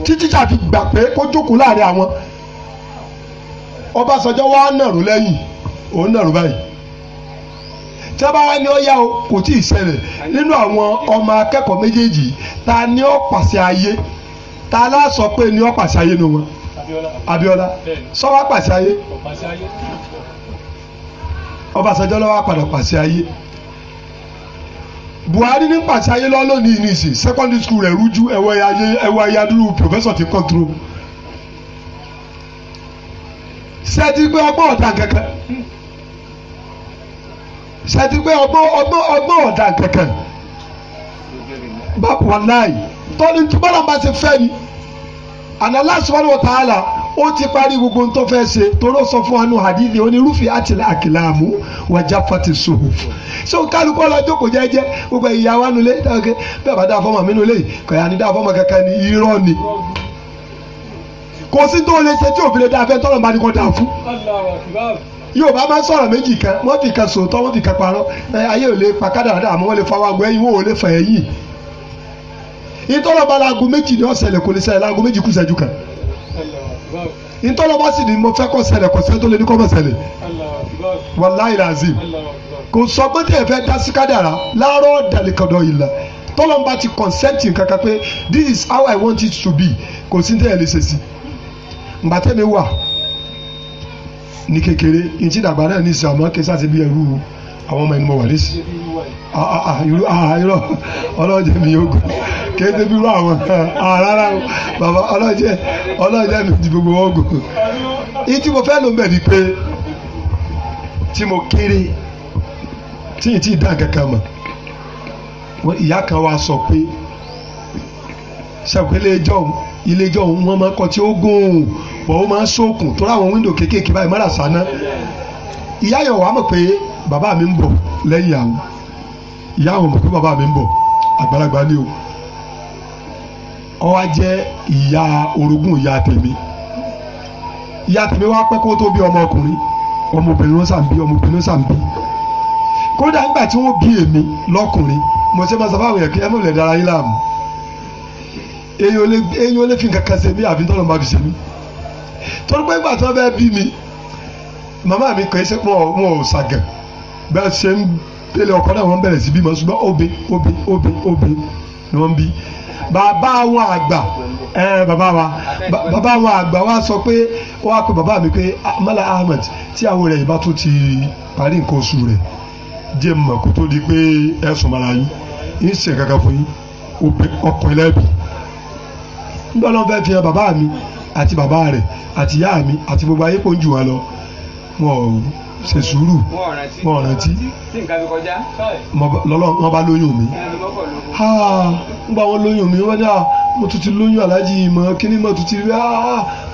tí tíṣà fi gbà pé kó jókòó láàrin àwọn Ọbásanjọ́ wá nàró lẹ́yìn òun nàró báyìí tẹ́bá wa ni ó yá o kò tí ì ṣẹlẹ̀ nínú àwọn ọmọ akẹ́kọ̀ọ́ méjèèjì ta ni ó pàṣẹ ayé ta la sọ pé ni ó pàṣẹ ayé nu wọn Abíọ́lá sọ wá pàṣẹ ayé. Ọbásanjọ́ lọ́wọ́ àpàdà pàṣẹ ayé Buhari ní pàṣẹ ayé lọ́ lónìí ní ìsìn secondary school rẹ̀ rújú ẹ̀wọ̀ ayé ẹ̀wọ̀ ayé adúlù professor ti control sẹ́ẹ̀tì gbé ọgbọ́n ọ̀tá kankan sẹ́ẹ̀tì gbé ọgbọ́n ọgbọ́n ọgbọ́n ọ̀tá kankan báwo wà láàyè tọ́ni tí bọ́lá bá ti fẹ́ ni àná Allah subhanahu wa ta'ala ó ti parí gbogbo tó fẹ́ ṣe toró sọ fún anu hadithi onírúfẹ́ àtìlẹ́ àkìláàmù wàjà fati suhuf so kálukú ọlọ́jọ́ kò jẹ́jẹ́ gbogbo ìyàwó anulẹ̀ dáké bẹ́ẹ̀ bá dáa fọ́mọ mi nulẹ̀ kọ̀yà ni dáa fọ́mọ kankan ni irọ́ ni kò sí tó lè ṣe tí òfin lè dáa fẹ́ tọ́lọ̀ bá ní kó dáa fún yóò bá máa sọ̀rọ̀ méjì kan wọ́n fi kan sòótọ́ wọ́n fi kan parọ́ ayé ò lè pa kádàrádà àmọ́ wọ́n lè fa wàgbọ́ ẹ̀yìn wọ́n ò lè fà ẹ̀yìn ìtọ́lọ̀ bá laago méjì ní ọ̀sẹ̀ lè kò lè ṣẹlẹ̀ laago méjì kù ṣẹ́jú kan ntọ́lọ́ba sì ni mo fẹ́ kó ṣẹlẹ̀ kó ṣẹlẹ̀ tó lè ní kó má ṣẹlẹ̀ wàláì làzim kò sọ pé tẹ̀ fẹ́ dá síkádàrà láàárọ̀ dàlíkọ̀dọ̀ ìlà tọ́lọ́mba ti consenting kankan pé this is how I want it to be kò sí tẹ̀ lè ṣe sí ngbàtẹ́mi wà ní kékeré ìtìdàgbà náà ní ìsàmọ́ kẹsàtì bí ẹrú o àwọn ọmọ ẹni mo wà lẹ́sí ah, ah, ah, irú irọ́ ọlọ́jẹ́ mi yóò gùn kéde bí irú àwọn rárá bàbá ọlọ́jẹ́ ọlọ́jẹ́ mi ti gbogbo wọn gùn. iye tí mo fẹ́ ló ń bẹ̀ ni pé tí mo kéré tí ì tí ì dá kankan mọ̀ ìyá kan wá sọ pé sàpèlè ẹjọ́ ilé ẹjọ́ wọn máa kọ tí ó gùn wọ́n máa ń sókun tó láwọn wíńdò kéékèèké báyìí mọ́ra sáná ìyá yọ̀ wá mọ̀ pé bàbá mi ń bọ̀ lẹ́yìn àwọn ìyá àwọn mọ̀ pé bàbá mi ń bọ̀ àgbàlagbà ni o ó wá jẹ́ ìyá orogún ìyá tèmi ìyá tèmi wá pẹ́ kó tó bí ọmọkùnrin ọmọbìnrin ló sàn bí ọmọbìnrin ló sàn bí kódà nígbà tí wọ́n bí èmi lọ́kùnrin mo ṣe máa sábà wẹ̀ kí ẹ mọ̀ lẹ̀ dára yín láàmú eyín ó lè fi nǹkan kan ṣe mí àbí tọ́lọ̀ máa fi ṣe mí torí pé ìgbà tí wọ́n bẹ́ẹ̀ bí mi màmá mi kò ṣe pọ̀ wọn ò ṣàgàn bá a ṣe ń tẹ́lẹ̀ ọkọ náà wọ́n bẹ̀rẹ̀ sí bímọ ṣùgbọ́n obe obe obe obe ni wọ́n bí bàbá àwọn àgbà bàbá wa bàbá wa sọ pé ó wá pe bàbá mi pé Mala Ahmed tí àwọn rẹ̀ yìí bá ti parí nǹkan di pé mara yín yín ṣe kankan fún yín nígbà náà fi hàn bàbá mi àti gbogbo ayé ṣe sùúrù wọn rántí wọn bá lóyún mi n gba wọn lóyún mi wọn ní mo tún ti lóyún aláàjì ìmọ̀ kíní mọ̀ tún ti rí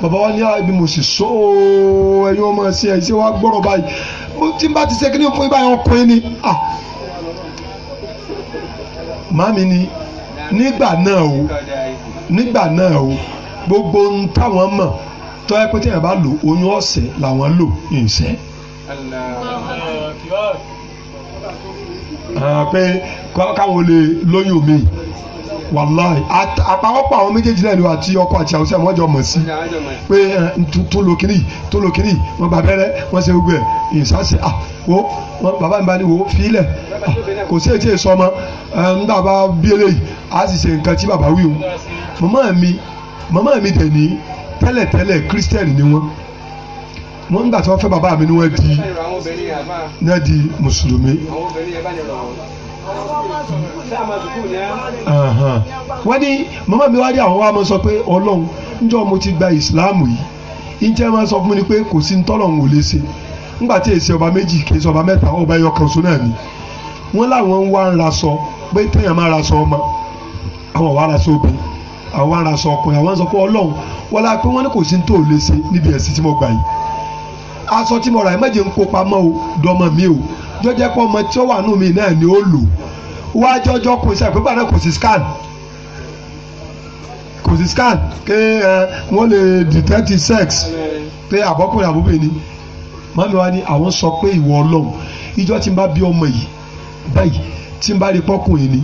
bàbá wa ní ibi mo sì so ẹ̀yin ọmọ ẹ̀sìn ẹ̀ ṣé wàá báyìí mo ti bá ti ṣe kíní fún ibà yẹn ọkùnrin ni ah màmí ni nígbà náà o nígbà náà o gbogbo ohun táwọn mọ̀ tọ́ ẹ pé tí èèyàn bá lò oyún ọ̀sẹ̀ làwọn lò ìṣẹ́ pé káwọn lè lóyún mi wàláì àpapọ̀ àwọn méjèèjì náà ni wà tí ọkọ àti àwọn sẹ́wọ̀n jọ mọ̀ sí pé tó lo kiri tó lo kiri wọn bá bẹ́rẹ́ wọn ṣe gbogbo ẹ̀ ìsáṣẹ́ à wo bàbá mi bá ní wo fílẹ̀ kò sí ètí èso ọmọ nígbà bá bí eléyìí a sì ṣe nǹkan tí bàbá wí o màmá mi màmá mi dẹ̀ ní tẹ́lẹ̀tẹ́lẹ̀ kírísítẹ́nì ni wọ́n. mo ń gbà tí wọ́n fẹ́ bàbá mi ni di náà di mùsùlùmí. wọ́n ní màmá mi wá rí àwọn wa máa sọ pé ọlọ́run níjọ́ mo ti gba ìsìláàmù yìí njẹ́ sọ fún mi ni pé kò sí ntọ́lọ́run ò lè ṣe tí èsì ọba méjì kì ọba mẹ́ta ọba kan ni wọ́n láwọn ń wá ń pé téèyàn máa ọmọ àwọn sọ pé ọlọ́run wọ́n la pé wọ́n ní kò sí ntọ́ ò lè aṣọ tí mo rà ẹ má jẹ́ ń kó pamọ́ o dọ́mọ mi o jọjẹ́ pé ọmọ tí ó wà nù mí náà ni ó lò wá jọjọ́ kò sí àpébà náà kò sí scan kò sí scan pé wọ́n lè detect sex pé àbọ́kùnrin àbúbẹ̀ ni màmí wa ni àwọn sọ pé ìwọ ọlọ́run ìjọ tí n bá bí ọmọ yìí báyìí tí n bá rí pọ́kùnrin ni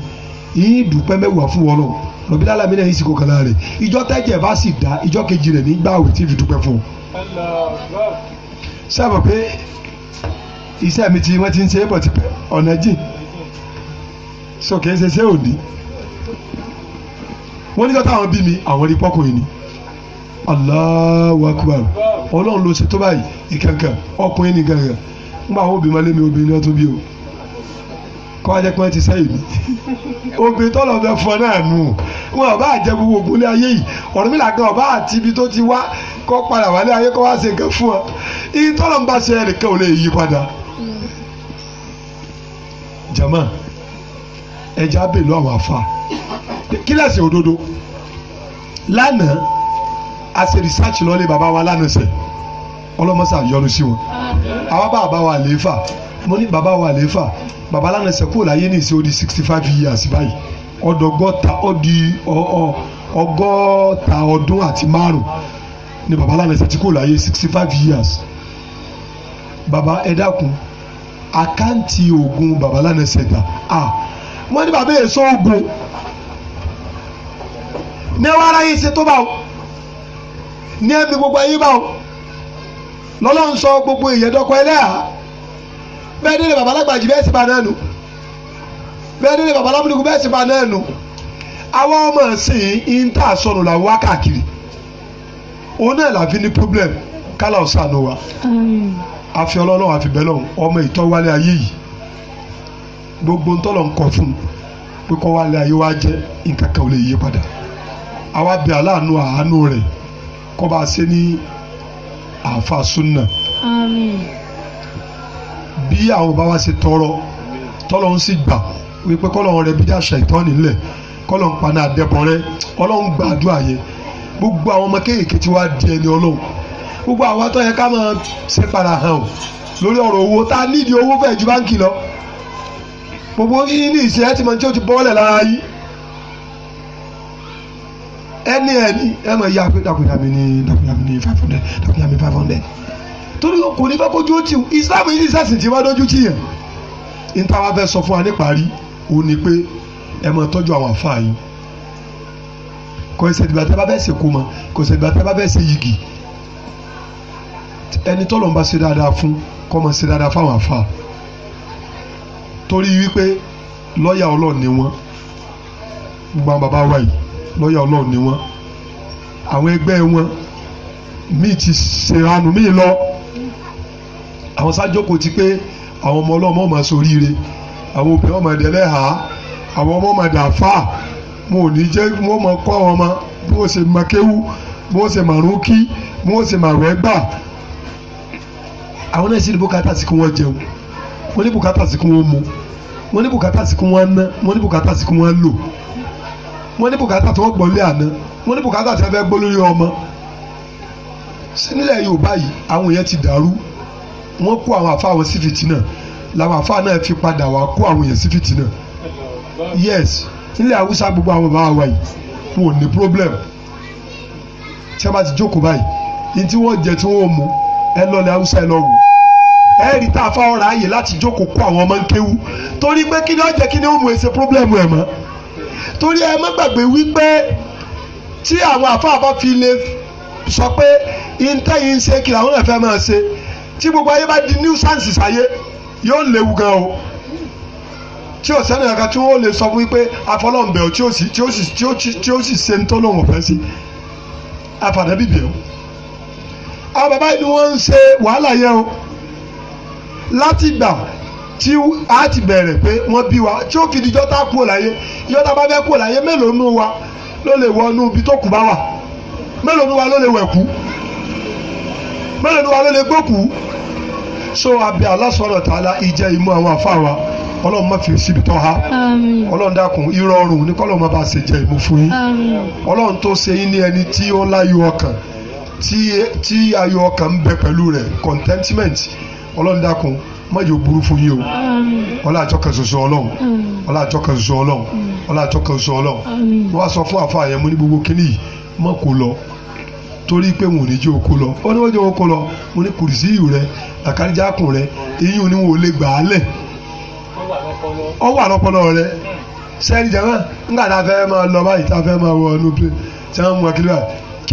yìí dùpẹ́ mẹ́wàá fún wọn náà lọ́bí lálàmì náà yìí sì kó kan lára rẹ̀ ìjọ tẹ́jẹ̀ bá sì dá ìjọ kejì rẹ̀ nígbà àwẹ̀ tí fi dùpẹ́ fún un sábà pé iṣẹ́ mi ti wọ́n ti ń ṣe é bọ̀ tipẹ́ ọ̀nà jìn so kì í ṣe ṣé òdì wọ́n ní sọ́tà àwọn bí mi àwọn rí pọ́kùnrin ni Allahu Akbar ọlọ́run ló ṣe tó báyìí ìkankan ọkùnrin nìkan kan nígbà àwọn obìnrin malé mi obìnrin náà tó bí o kọ́ ajẹ́ pé wọ́n ti sẹ́yìn mi obìnrin tọ́lọ̀ bẹ fọ náà nù wọn ọba àjẹ gbogbo ògúnlé ayé yìí ọ̀rọ̀ mi làgán ọba àti ibi tó ti wá kọ́ padà wálé ayé kọ́ wá ṣe nǹkan fún ọ iye tọ́lọ̀ ń bá ṣe ẹnìkan ò lè yí padà. jama ẹja bèlú àwọn afa kílẹ̀sì òdodo lánàá a ṣe rìsáàcì lọ́lé bàbá wa lánàá sẹ̀ ọlọ́mọṣà yọ́nú sí wọn àwọn bàbá wa lè fà mo ní bàbá wa lè fà bàbá lánàá sẹ̀ kúrò láyé ní ìṣe ó di sixty five years báyìí ọdọgọ́ta ó di ọgọ́ta ọdún àti márùn ni babala Lálẹ̀sẹ̀ ti kò láyé sixty five years baba ẹ dákun àkáǹtì oògùn baba Lálẹ̀sẹ̀ gbà à wọ́n ní baba yẹn sọ oògùn ní ẹ wá aráyé ṣe tó bá o ní ẹ fi gbogbo ayé bá o lọ́lọ́run sọ gbogbo ìyẹ́dọ́kọ ẹlẹ́yà bẹ́ẹ̀ délé baba lágbàjì bẹ́ẹ̀ sì bá náà nù bẹ́ẹ̀ délé baba lámúlùkù bẹ́ẹ̀ sì bá náà nù àwọn ọmọ ẹ̀sìn ń tà sọnù làwọn wá káàkiri òun náà làá fi ní problem kálá ọ̀sán wa àfi ọlọ́lọ́wọ́ àfi bẹ́ẹ̀ lọ́hùn ọmọ ìtọ́wálé ayé yìí gbogbo ntọ́lọ̀ ń kọ fún pé kọ́ wálé ayé wa jẹ́ nǹkan kan ò lè yí padà àwa bẹ aláàánú àánú rẹ̀ kọ́ bá a ṣe ní àáfà súnà bí àwọn bá wa ṣe tọrọ tọ́lọ̀ ń sì gbà wípé kọ́lọ̀ rẹ̀ bí àṣà ìtọ́ni ńlẹ̀ kọ́lọ̀ ń paná àdẹ́bọ̀rẹ́ ọlọ́run gbàdúrà yẹn gbogbo àwọn ọmọ kéékèèké tí wàá di ẹni ọlọ́run gbogbo àwọn tó yẹ ká máa ṣe padà hàn o lórí ọ̀rọ̀ owó tá a nídìí owó bẹ́ẹ̀ ju báńkì lọ gbogbo yìí ní ìṣe ẹ ti mọ tí ó ti bọ́ọ̀lẹ̀ lára yìí ẹni ẹni ẹ mọ̀ ya pé dàkúnyà mi ní dàkúnyà mi ní five hundred dàkúnyà mi five hundred torí kò ní fẹ́ kójú ó ti wù Islam yìí ní sẹ́sìn tí wọ́n dójú tì yàn ní táwa fẹ́ sọ fún wa níparí òun ni pé ẹ mọ̀ tọ́jú àwọn àfáà yìí kò ṣe ìgbà tẹ́ bá fẹ́ ṣe kómọ kò ṣe ìgbà tẹ́ bá fẹ́ ṣe yìgì ẹni tọ́lọ̀ ń bá ṣe dáadáa fún kó máa ṣe dáadáa fáwọn àfa torí wípé lọ́ọ̀yà ọlọ́ọ̀ ni wọ́n gbogbo bàbá wa yìí lọ́ọ̀yà ọlọ́ọ̀ ni wọ́n àwọn ẹgbẹ́ wọn míì ti ṣèrànù míì lọ àwọn sájòkó ti pé àwọn ọmọ ọlọ́mọ máa ṣoríire àwọn obìnrin ọmọ ẹ̀dẹ́lẹ́hàá àwọn ọmọ ọmọ ẹ̀dẹ́ àfáà wọn ò ní jẹ́ wọn mọ kọ́ àwọn ọmọ bí wọ́n ṣe mọ kéwú bí wọ́n ṣe màrún kí bí wọ́n ṣe màrún ẹgbà àwọn náà sì ní bùkátà sí kí wọ́n jẹun wọ́n ní bùkátà sí kí wọ́n mu wọ́n ní bùkátà sí kí wọ́n ná wọ́n ní bùkátà sí kí wọ́n lò wọ́n ní bùkátà tí wọ́n gbọ́ lé àná wọ́n ní bùkátà tí wọ́n fẹ́ gbọ́ lórí ọmọ sínílẹ̀ Yorùbá yìí àwọn èèyàn ti dàrú wọ́n kó àwọn àfa àwọn sífìtì náà làwọn àfa náà fi padà wá kó àwọn èèyàn sífìtì náà yes nílẹ̀ haúsá gbogbo àwọn bàbá wa yìí wọn ò ní problem tí a bá ti jókòó báyìí ní tí wọ́n jẹ tí wọ́n mú ẹ lọ́lẹ̀ haúsá ẹ lọ́wọ́ ẹ rí tá a fa ọ̀rọ̀ ààyè láti jókòó kó àwọn ọmọ ń kéwú torí pé kí ni ó jẹ kí ni ó mú ẹ ṣe problem ẹ mọ́ torí ẹ má gbàgbé wípé tí àwọn àfáà bá fi lè sọ pé intẹ́yìn ń ṣe kí làwọn ẹ̀fẹ́ máa ṣe tí gbogbo ayé bá di nuisance sáyé yóò léwu gan o tí ò sẹ́ni kankan tí wọ́n lè sọ fún wípé afọlọ́ǹbẹ̀ tí ó sì tí ó sì tí ó sì tí ó sì ṣe ń tó lòun ọ̀fẹ́ sí àfàdé bìbí o. àwọn bàbá yìí ni wọ́n ń ṣe wàhálà yẹn o láti gbà tí a ti bẹ̀rẹ̀ pé wọ́n bí wa tí ó fi di jọ́tà kúrò láyé jọ́tà bá fẹ́ kúrò láyé mélòó nù wa ló lè wọ inú ibi tó kù bá wà mélòó nù wa ló lè wẹ̀ kú mélòó nù wa ló lè gbókù so abẹ́ Allah subhanahu wa ta'ala ìjẹ́ ìmú àwọn àfa wa. ọlọ́run má fi síbi tán ha um, ọlọ́run dákun ìrọ̀rùn ní kọ́lọ́run má bàa ṣe jẹ ìmú fún yín um, ọlọ́run tó ṣe yín ní ẹni tí ó láyọ̀ ọkàn tí ayọ̀ ọkàn ń bẹ pẹ̀lú rẹ̀ contentment ọlọ́run dákun má jẹ́ burú fún yín o um, ọlá àjọkàn ṣoṣo ọlọ́run àjọkàn ṣoṣo ọlọ́run àjọkàn ṣoṣo ọlọ́run wọ́n á sọ fún àfa ní gbogbo yìí kó lọ torí pé wọn ò ní jẹ́ lọ ní wọ́n jẹ́ lọ rẹ ọ wà lọ́pọlọ rẹ sẹ́ni jama ńgbà tá a ma lọ báyìí tá a ma wọ inú pé tí wọ́n mú kí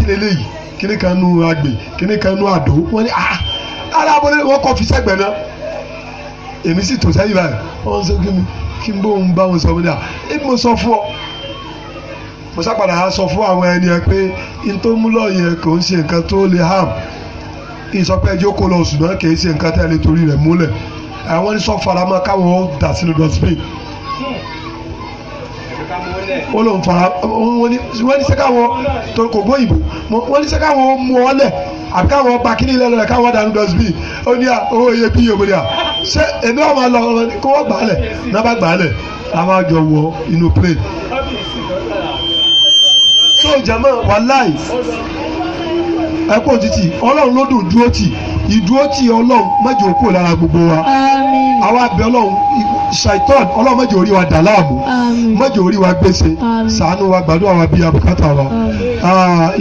ni eléyìí kí ni kan nu agbè kí ni kan nu àdó ní ah ara wọn fi sẹgbẹ náà èmi sì tò sẹ́yìn báyìí sọ kí mi kí n bá wọn sọ ah, fún mi ọ mo sọ fún àwọn ẹni ẹ pé n tó mú lọ kò ń ṣe nǹkan tó lè ẹjọ́ kó lọ kì í ṣe nǹkan àwọn ní sọ faramọ́ káwọn ó dà sínú dustbin ó lóun fara wọ́n ní sẹ́káwọ́ torí kò gbóyìnbó wọ́n ní sẹ́káwọ́ mú ọ lẹ̀ àbí káwọn ba kíní lẹ́nu rẹ̀ káwọn dànù dustbin ó ní à owó iye bí yòókù ni à ṣé èmi àwọn àlọ́ kó wọ́n gbà á lẹ̀ náà bá gbà á lẹ̀ àwọn àjọ wọ inú plane so jama wàláì ẹ kó títì ọlọ́run ló dùn dúró tì ìdúró tí ọlọ́run mẹ́jọ kú lára gbogbo wa àwa abẹ ọlọ́run ṣàìtọ́n ọlọ́run mẹ́jọ orí wa dà láàmú mẹ́jọ orí wa gbèsè ṣàánú wa gbàdúrà wa bí abùkátà wa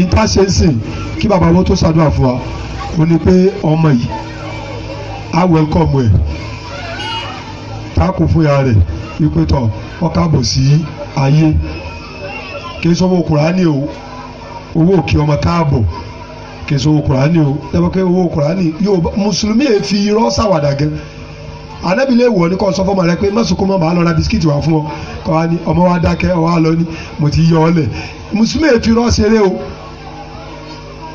ìtàṣẹ́sìn kí bàbá wọn tó ṣàdúrà fún wa ó ní pé ọmọ yìí á wẹ́lkọ̀mù ẹ̀ tá fún ya rẹ̀ wípé tọ̀ ọ káàbọ̀ sí ayé kí n sọ o owó òkè ọmọ káàbọ̀ kèsì owó kùránì o tẹ́wọ́n pé owó kùránì yóò mùsùlùmí yẹn fi irọ́ sàwàdà gan anabi lè wọ̀ ní kò sọ fọmọ rẹ pé mọ̀sùnkún mọ̀ máa lọ ra bisikíìtì wá fún ọ kọ́ wa ni ọmọ wa dákẹ́ ọ wa lọ ni mo ti yọ ọ lẹ̀ mùsùlùmí yẹn fi irọ́ ṣeré o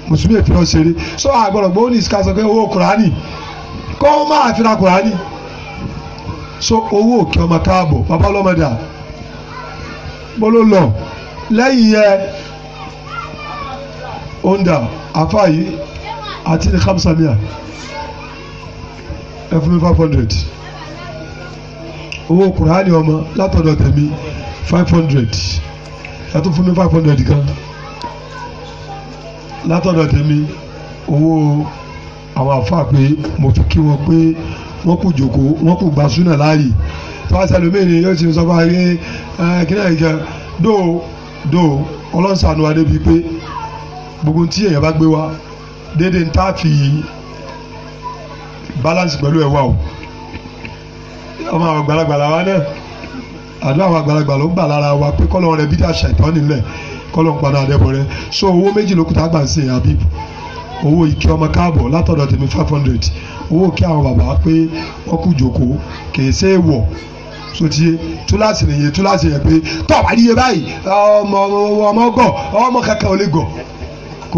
mùsùlùmí yẹn fi irọ́ ṣeré sọ àgbọ̀rọ̀ gbọ́ ní ìsìká sọ pé owó kùránì kọ́ ọ máa fi ra kùránì so owó òkè ọmọ káàbọ̀ bàbá ọlọ́mọdà bọ́lọ́ lọ lẹ́yìn yẹn ó ń àfa yìí àti ní kamsamia ẹ fún mi five hundred owó kùránì ọmọ látọ̀dọ̀ tèmi five hundred ẹ tún fún mi five hundred kan látọ̀dọ̀ tèmi owó àwọn àfáà pé mo fi kí wọn pé wọn kò jòkó wọn kò gba súnà láàyè fásitì ẹlòmíì yóò ti sọ fún wa pé eh, kí náà yìí kẹ dóò dóò ọlọ́sàn-án wa débi pé gbogbo tí èèyàn bá gbé wa déédéé tá fi balance pẹ̀lú ẹ̀ wá o ọmọ àwọn gbalagbala wa náà àdó àwọn àgbàlagbà ló ń bà lára wa pé kọ́lọ́ rẹ bí dá ṣàìtọ́ nílẹ̀ kọ́lọ́ rẹ so owó méjì ló ń àbí owó ìkí ọmọ káàbọ̀ látọ̀dọ̀ tèmi five hundred owó kí àwọn bàbá pé jòkó wọ̀ túláàsì nìyẹn túláàsì yẹn pé tọ́ àdìyẹ báyìí ọmọ ọmọ ọmọ kankan ò lè gọ̀.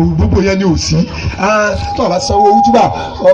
gbogbo yẹn ni ò sí ah, tó o bá sanwó ojúbà